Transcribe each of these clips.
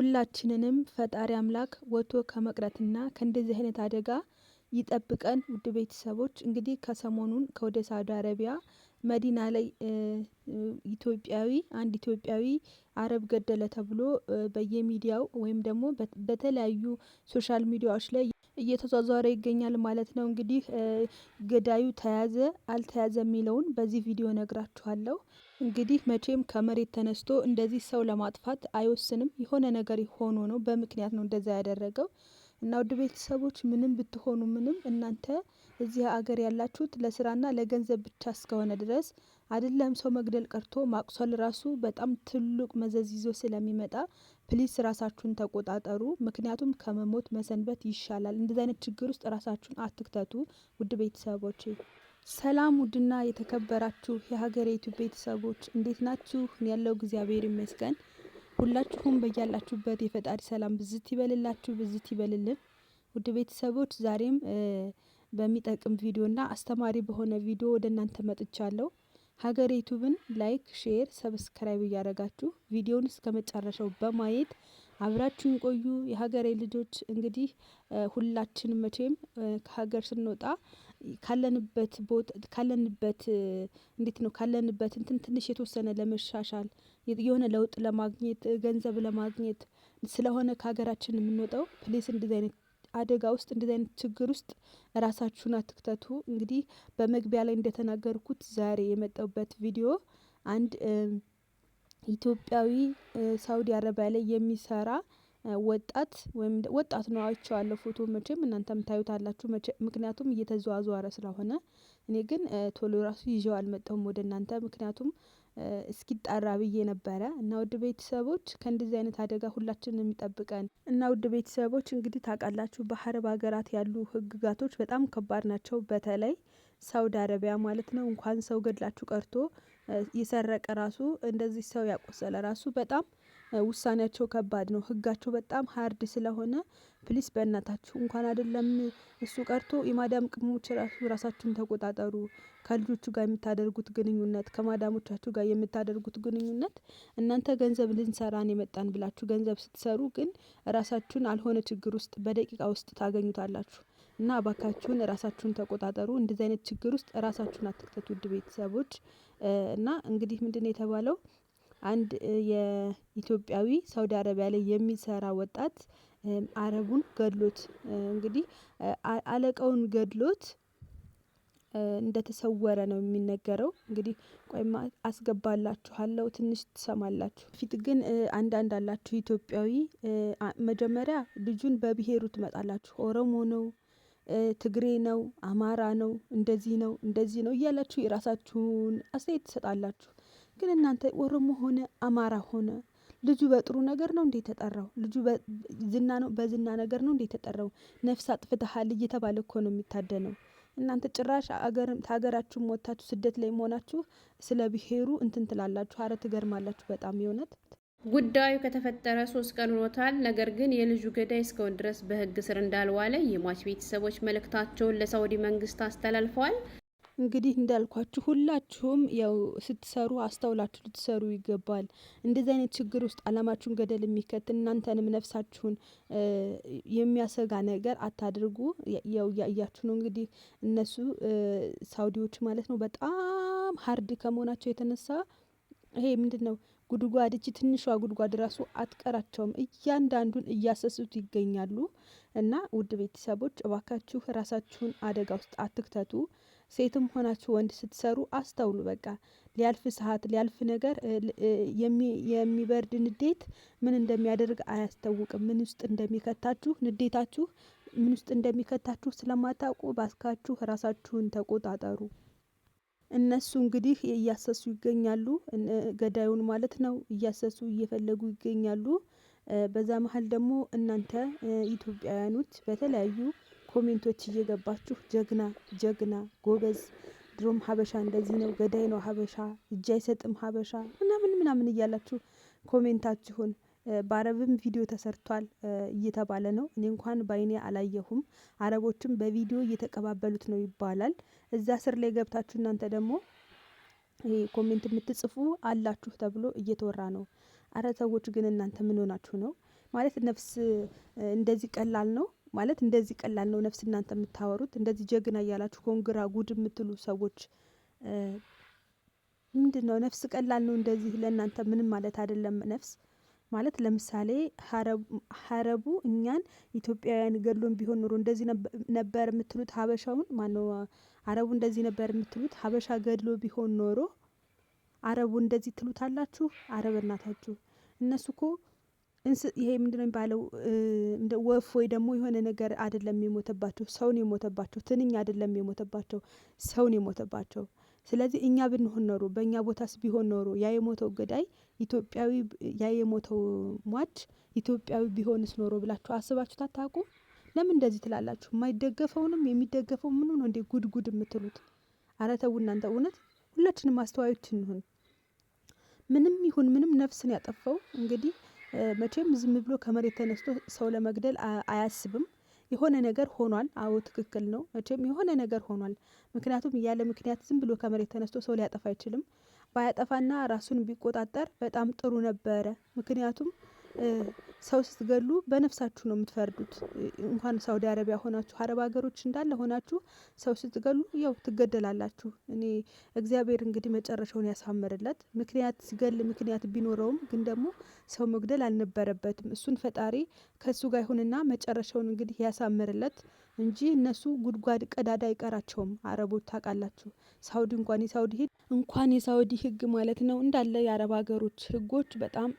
ሁላችንንም ፈጣሪ አምላክ ወጥቶ ከመቅረትና ከእንደዚህ አይነት አደጋ ይጠብቀን። ውድ ቤተሰቦች እንግዲህ ከሰሞኑን ከወደ ሳውዲ አረቢያ መዲና ላይ ኢትዮጵያዊ አንድ ኢትዮጵያዊ አረብ ገደለ ተብሎ በየሚዲያው ወይም ደግሞ በተለያዩ ሶሻል ሚዲያዎች ላይ እየተዟዟረ ይገኛል ማለት ነው። እንግዲህ ገዳዩ ተያዘ አልተያዘ የሚለውን በዚህ ቪዲዮ ነግራችኋለሁ። እንግዲህ መቼም ከመሬት ተነስቶ እንደዚህ ሰው ለማጥፋት አይወስንም። የሆነ ነገር ሆኖ ነው፣ በምክንያት ነው እንደዛ ያደረገው። እና ውድ ቤተሰቦች ምንም ብትሆኑ ምንም እናንተ እዚህ ሀገር ያላችሁት ለስራና ለገንዘብ ብቻ እስከሆነ ድረስ አይደለም ሰው መግደል ቀርቶ ማቁሰል ራሱ በጣም ትልቅ መዘዝ ይዞ ስለሚመጣ ፕሊስ ራሳችሁን ተቆጣጠሩ። ምክንያቱም ከመሞት መሰንበት ይሻላል። እንደዚህ አይነት ችግር ውስጥ ራሳችሁን አትክተቱ ውድ ቤተሰቦቼ። ሰላም ውድና የተከበራችሁ የሀገሬ ቤተሰቦች እንዴት ናችሁ? ያለው እግዚአብሔር ይመስገን። ሁላችሁም በያላችሁበት የፈጣሪ ሰላም ብዝት ይበልላችሁ፣ ብዝት ይበልልን። ውድ ቤተሰቦች ዛሬም በሚጠቅም ቪዲዮና አስተማሪ በሆነ ቪዲዮ ወደ እናንተ መጥቻለሁ። ሀገሬ ዩቱብን ላይክ፣ ሼር፣ ሰብስክራይብ እያደረጋችሁ ቪዲዮን እስከ መጨረሻው በማየት አብራችሁን ቆዩ። የሀገሬ ልጆች እንግዲህ ሁላችን መቼም ከሀገር ስንወጣ ካለንበት ካለንበት እንዴት ነው ካለንበት እንትን ትንሽ የተወሰነ ለመሻሻል የሆነ ለውጥ ለማግኘት ገንዘብ ለማግኘት ስለሆነ ከሀገራችን የምንወጣው ፕሌስ እንደዚ አይነት አደጋ ውስጥ እንደዚህ አይነት ችግር ውስጥ ራሳችሁን አትክተቱ። እንግዲህ በመግቢያ ላይ እንደተናገርኩት ዛሬ የመጣሁበት ቪዲዮ አንድ ኢትዮጵያዊ ሳውዲ አረቢያ ላይ የሚሰራ ወጣት ወይም ወጣት ነው አይቼዋለሁ ፎቶ መቼም እናንተም ታዩታላችሁ ምክንያቱም እየተዘዋዘዋረ ስለሆነ እኔ ግን ቶሎ ራሱ ይዤው አልመጣሁም ወደ እናንተ ምክንያቱም እስኪጣራ ብዬ ነበረ። እና ውድ ቤተሰቦች ከእንደዚህ አይነት አደጋ ሁላችን የሚጠብቀን እና ውድ ቤተሰቦች እንግዲህ ታውቃላችሁ በአረብ ሀገራት ያሉ ህግጋቶች በጣም ከባድ ናቸው። በተለይ ሳውዲ አረቢያ ማለት ነው እንኳን ሰው ገድላችሁ ቀርቶ የሰረቀ ራሱ እንደዚህ ሰው ያቆሰለ ራሱ በጣም ውሳኔያቸው ከባድ ነው። ህጋቸው በጣም ሀርድ ስለሆነ ፕሊስ በእናታችሁ እንኳን አይደለም እሱ ቀርቶ የማዳም ቅድሞች ራሱ ራሳችሁን ተቆጣጠሩ። ከልጆቹ ጋር የምታደርጉት ግንኙነት ከማዳሞቻችሁ ጋር የምታደርጉት ግንኙነት እናንተ ገንዘብ ልንሰራን የመጣን ብላችሁ ገንዘብ ስትሰሩ ግን ራሳችሁን አልሆነ ችግር ውስጥ በደቂቃ ውስጥ ታገኙታላችሁ። እና እባካችሁን ራሳችሁን ተቆጣጠሩ እንደዚህ አይነት ችግር ውስጥ ራሳችሁን አትክተቱ ውድ ቤተሰቦች። እና እንግዲህ ምንድነው የተባለው አንድ የኢትዮጵያዊ ሳውዲ አረቢያ ላይ የሚሰራ ወጣት አረቡን ገድሎት እንግዲህ አለቃውን ገድሎት እንደተሰወረ ነው የሚነገረው። እንግዲህ ቆይማ አስገባላችኋለሁ ትንሽ ትሰማላችሁ። ፊት ግን አንዳንድ አላችሁ ኢትዮጵያዊ መጀመሪያ ልጁን በብሄሩ ትመጣላችሁ ኦሮሞ ነው ትግሬ ነው አማራ ነው እንደዚህ ነው እንደዚህ ነው እያላችሁ የራሳችሁን አስተያየት ትሰጣላችሁ ግን እናንተ ኦሮሞ ሆነ አማራ ሆነ ልጁ በጥሩ ነገር ነው እንዴ የተጠራው? ልጁ ዝና ነው በዝና ነገር ነው እንዴ የተጠራው? ነፍስ አጥፍተሃል እየተባለ እኮ ነው የሚታደነው። እናንተ ጭራሽ ሀገራችሁ ከሀገራችሁም ስደት ላይ መሆናችሁ ስለ ብሄሩ እንትን ትላላችሁ። አረ ትገርማላችሁ በጣም የእውነት። ጉዳዩ ከተፈጠረ ሶስት ቀን ሆኖታል። ነገር ግን የልጁ ገዳይ እስካሁን ድረስ በህግ ስር እንዳልዋለ የሟች ቤተሰቦች መልእክታቸውን ለሳውዲ መንግስት አስተላልፈዋል። እንግዲህ እንዳልኳችሁ ሁላችሁም ያው ስትሰሩ አስተውላችሁ ልትሰሩ ይገባል። እንደዚህ አይነት ችግር ውስጥ አላማችሁን ገደል የሚከት እናንተንም ነፍሳችሁን የሚያሰጋ ነገር አታድርጉ። ያው እያያችሁ ነው እንግዲህ እነሱ ሳውዲዎች ማለት ነው በጣም ሀርድ ከመሆናቸው የተነሳ ይሄ ምንድን ነው ጉድጓድ እቺ ትንሿ ጉድጓድ ራሱ አትቀራቸውም። እያንዳንዱን እያሰሱት ይገኛሉ። እና ውድ ቤተሰቦች እባካችሁ ራሳችሁን አደጋ ውስጥ አትክተቱ። ሴትም ሆናችሁ ወንድ ስትሰሩ አስተውሉ። በቃ ሊያልፍ ሰዓት ሊያልፍ ነገር የሚበርድ ንዴት ምን እንደሚያደርግ አያስታውቅም። ምን ውስጥ እንደሚከታችሁ ንዴታችሁ ምን ውስጥ እንደሚከታችሁ ስለማታውቁ ባስካችሁ ራሳችሁን ተቆጣጠሩ። እነሱ እንግዲህ እያሰሱ ይገኛሉ ገዳዩን ማለት ነው እያሰሱ እየፈለጉ ይገኛሉ። በዛ መሀል ደግሞ እናንተ ኢትዮጵያውያኖች በተለያዩ ኮሜንቶች እየገባችሁ ጀግና ጀግና ጎበዝ፣ ድሮም ሀበሻ እንደዚህ ነው፣ ገዳይ ነው ሀበሻ፣ እጅ አይሰጥም ሀበሻ ምናምን ምናምን እያላችሁ ኮሜንታችሁን በአረብም ቪዲዮ ተሰርቷል እየተባለ ነው። እኔ እንኳን በአይኔ አላየሁም። አረቦችም በቪዲዮ እየተቀባበሉት ነው ይባላል። እዛ ስር ላይ ገብታችሁ እናንተ ደግሞ ይሄ ኮሜንት የምትጽፉ አላችሁ ተብሎ እየተወራ ነው። አረ ሰዎች ግን እናንተ ምን ሆናችሁ ነው ማለት ነፍስ እንደዚህ ቀላል ነው? ማለት እንደዚህ ቀላል ነው ነፍስ እናንተ የምታወሩት እንደዚህ ጀግና እያላችሁ ኮንግራ ጉድ የምትሉ ሰዎች ምንድን ነው? ነፍስ ቀላል ነው እንደዚህ ለእናንተ ምንም ማለት አይደለም። ነፍስ ማለት ለምሳሌ ሀረቡ እኛን ኢትዮጵያውያን ገድሎን ቢሆን ኖሮ እንደዚህ ነበር የምትሉት ሀበሻውን ማነው? አረቡ እንደዚህ ነበር የምትሉት ሀበሻ ገድሎ ቢሆን ኖሮ አረቡ እንደዚህ ትሉታላችሁ። አረብ እናታችሁ እነሱ እኮ ይሄ ምንድነው የሚባለው? እንደ ወፍ ወይ ደግሞ የሆነ ነገር አይደለም የሞተባቸው ሰውን የሞተባቸው ትንኝ አይደለም የሞተባቸው ሰውን የሞተባቸው። ስለዚህ እኛ ብንሆን ኖሮ በእኛ ቦታስ ቢሆን ኖሮ ያ የሞተው ገዳይ ኢትዮጵያዊ ያ የሞተው ሟች ኢትዮጵያዊ ቢሆንስ ኖሮ ብላችሁ አስባችሁ ታታቁ? ለምን እንደዚህ ትላላችሁ? የማይደገፈውንም የሚደገፈው ምን ነው እንዴ ጉድጉድ የምትሉት? አረተው እናንተ እውነት ሁላችንም አስተዋዮች እንሁን። ምንም ይሁን ምንም ነፍስን ያጠፋው እንግዲህ መቼም ዝም ብሎ ከመሬት ተነስቶ ሰው ለመግደል አያስብም። የሆነ ነገር ሆኗል። አዎ ትክክል ነው። መቼም የሆነ ነገር ሆኗል። ምክንያቱም ያለ ምክንያት ዝም ብሎ ከመሬት ተነስቶ ሰው ሊያጠፋ አይችልም። ባያጠፋና ራሱን ቢቆጣጠር በጣም ጥሩ ነበረ። ምክንያቱም ሰው ስትገሉ በነፍሳችሁ ነው የምትፈርዱት። እንኳን ሳውዲ አረቢያ ሆናችሁ አረብ ሀገሮች እንዳለ ሆናችሁ ሰው ስትገሉ ያው ትገደላላችሁ። እኔ እግዚአብሔር እንግዲህ መጨረሻውን ያሳምርለት። ምክንያት ሲገል ምክንያት ቢኖረውም ግን ደግሞ ሰው መግደል አልነበረበትም። እሱን ፈጣሪ ከእሱ ጋር ይሁንና መጨረሻውን እንግዲህ ያሳምርለት እንጂ እነሱ ጉድጓድ ቀዳዳ አይቀራቸውም። አረቦች ታውቃላችሁ፣ ሳውዲ እንኳን የሳውዲ ህግ እንኳን የሳውዲ ህግ ማለት ነው እንዳለ የአረብ ሀገሮች ህጎች በጣም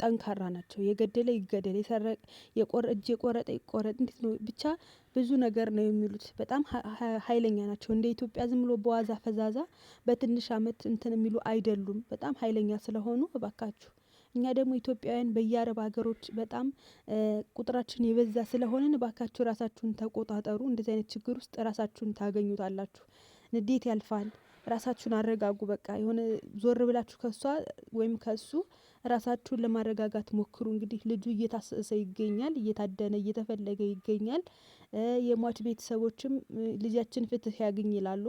ጠንካራ ናቸው። የገደለ ይገደል የሰረቀ የቆረ እጅ የቆረጠ ይቆረጥ እንዴት ነው ብቻ ብዙ ነገር ነው የሚሉት በጣም ሀይለኛ ናቸው። እንደ ኢትዮጵያ ዝም ብሎ በዋዛ ፈዛዛ በትንሽ አመት እንትን የሚሉ አይደሉም በጣም ሀይለኛ ስለሆኑ እባካችሁ እኛ ደግሞ ኢትዮጵያውያን በየአረብ ሀገሮች በጣም ቁጥራችን የበዛ ስለሆነን እባካችሁ ራሳችሁን ተቆጣጠሩ እንደዚህ አይነት ችግር ውስጥ ራሳችሁን ታገኙታላችሁ። ንዴት ያልፋል ራሳችሁን አረጋጉ። በቃ የሆነ ዞር ብላችሁ ከሷ ወይም ከሱ ራሳችሁን ለማረጋጋት ሞክሩ። እንግዲህ ልጁ እየታሰሰ ይገኛል፣ እየታደነ እየተፈለገ ይገኛል። የሟች ቤተሰቦችም ልጃችን ፍትህ ያግኝ ይላሉ።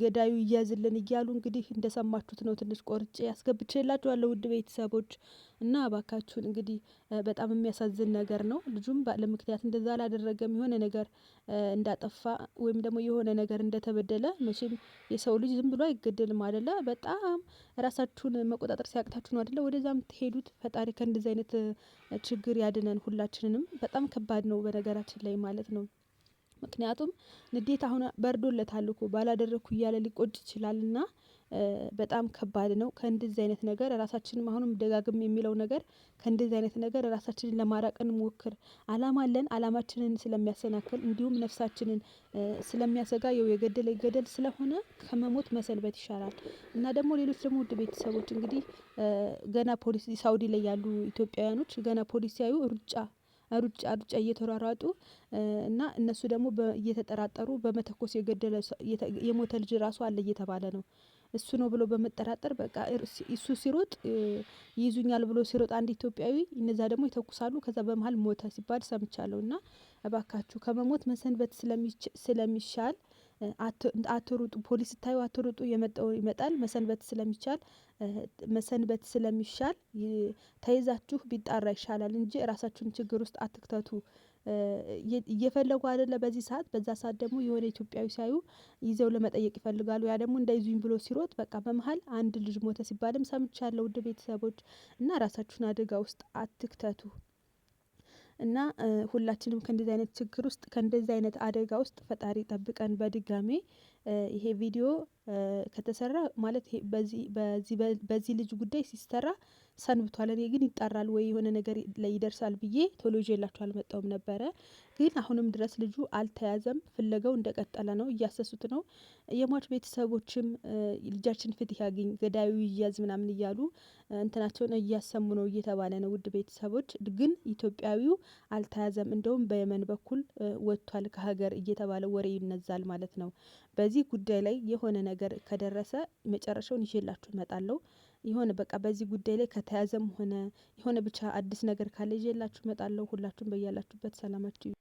ገዳዩ እያዝልን እያሉ እንግዲህ እንደሰማችሁት ነው። ትንሽ ቆርጬ አስገብቼላችኋለሁ ውድ ቤተሰቦች እና እባካችሁን እንግዲህ በጣም የሚያሳዝን ነገር ነው። ልጁም ምክንያት እንደዛ አላደረገም። የሆነ ነገር እንዳጠፋ ወይም ደግሞ የሆነ ነገር እንደተበደለ መቼም የሰው ልጅ ዝም ብሎ አይገደልም አደለ በጣም ራሳችሁን መቆጣጠር ሲያቅታችሁ ነው አደለ? ወደዛም ትሄዱት። ፈጣሪ ከእንደዚህ አይነት ችግር ያድነን ሁላችንንም። በጣም ከባድ ነው በነገራችን ላይ ማለት ነው። ምክንያቱም ንዴት አሁን በርዶለታል እኮ ባላደረግኩ እያለ ሊቆጭ ይችላል ይችላልና በጣም ከባድ ነው። ከእንደዚህ አይነት ነገር ራሳችንም አሁንም ደጋግሜ የሚለው ነገር ከእንደዚህ አይነት ነገር ራሳችንን ለማራቅን ሞክር። አላማ አለን አላማችንን ስለሚያሰናክል እንዲሁም ነፍሳችንን ስለሚያሰጋ የው የገደለ ይገደል ስለሆነ ከመሞት መሰንበት ይሻላል። እና ደግሞ ሌሎች ደግሞ ውድ ቤተሰቦች እንግዲህ ገና ፖሊሲ ሳውዲ ላይ ያሉ ኢትዮጵያውያኖች ገና ፖሊስ ሲያዩ ሩጫ ሩጫ ሩጫ እየተሯሯጡ እና እነሱ ደግሞ እየተጠራጠሩ በመተኮስ የገደለ የሞተ ልጅ ራሱ አለ እየተባለ ነው። እሱ ነው ብሎ በመጠራጠር በቃ እሱ ሲሮጥ ይይዙኛል ብሎ ሲሮጥ አንድ ኢትዮጵያዊ እነዛ ደግሞ ይተኩሳሉ ከዛ በመሃል ሞተ ሲባል ሰምቻለሁ። እና እባካችሁ ከመሞት መሰንበት ስለሚሻል አትሩጡ ፖሊስ ስታዩ አትሩጡ የመጣው ይመጣል መሰንበት ስለሚቻል መሰንበት ስለሚሻል ተይዛችሁ ቢጣራ ይሻላል እንጂ ራሳችሁን ችግር ውስጥ አትክተቱ። እየፈለጉ አይደለ በዚህ ሰዓት በዛ ሰዓት ደግሞ የሆነ ኢትዮጵያዊ ሲያዩ ይዘው ለመጠየቅ ይፈልጋሉ ያ ደግሞ እንዳይዙኝ ብሎ ሲሮጥ በቃ በመሃል አንድ ልጅ ሞተ ሲባልም ሰምቻለሁ። ውድ ቤተሰቦች እና ራሳችሁን አደጋ ውስጥ አትክተቱ እና ሁላችንም ከእንደዚህ አይነት ችግር ውስጥ ከእንደዚህ አይነት አደጋ ውስጥ ፈጣሪ ጠብቀን በድጋሜ ይሄ ቪዲዮ ከተሰራ ማለት በዚህ ልጅ ጉዳይ ሲሰራ ሰንብቷል። እኔ ግን ይጣራል ወይ የሆነ ነገር ላይ ይደርሳል ብዬ ቶሎ ይዤላችሁ አልመጣውም ነበረ። ግን አሁንም ድረስ ልጁ አልተያዘም። ፍለጋው እንደቀጠለ ነው። እያሰሱት ነው። የሟች ቤተሰቦችም ልጃችን ፍትህ ያገኝ፣ ገዳዩ ይያዝ ምናምን እያሉ እንትናቸውን እያሰሙ ነው እየተባለ ነው። ውድ ቤተሰቦች ግን ኢትዮጵያዊው አልተያዘም። እንደውም በየመን በኩል ወጥቷል ከሀገር እየተባለ ወሬ ይነዛል ማለት ነው። በዚህ ጉዳይ ላይ የሆነ ነገር ከደረሰ መጨረሻውን ይዤላችሁ እመጣለሁ። የሆነ በቃ በዚህ ጉዳይ ላይ ከተያዘም ሆነ የሆነ ብቻ አዲስ ነገር ካለ ይዤላችሁ እመጣለሁ። ሁላችሁም በያላችሁበት ሰላማችሁ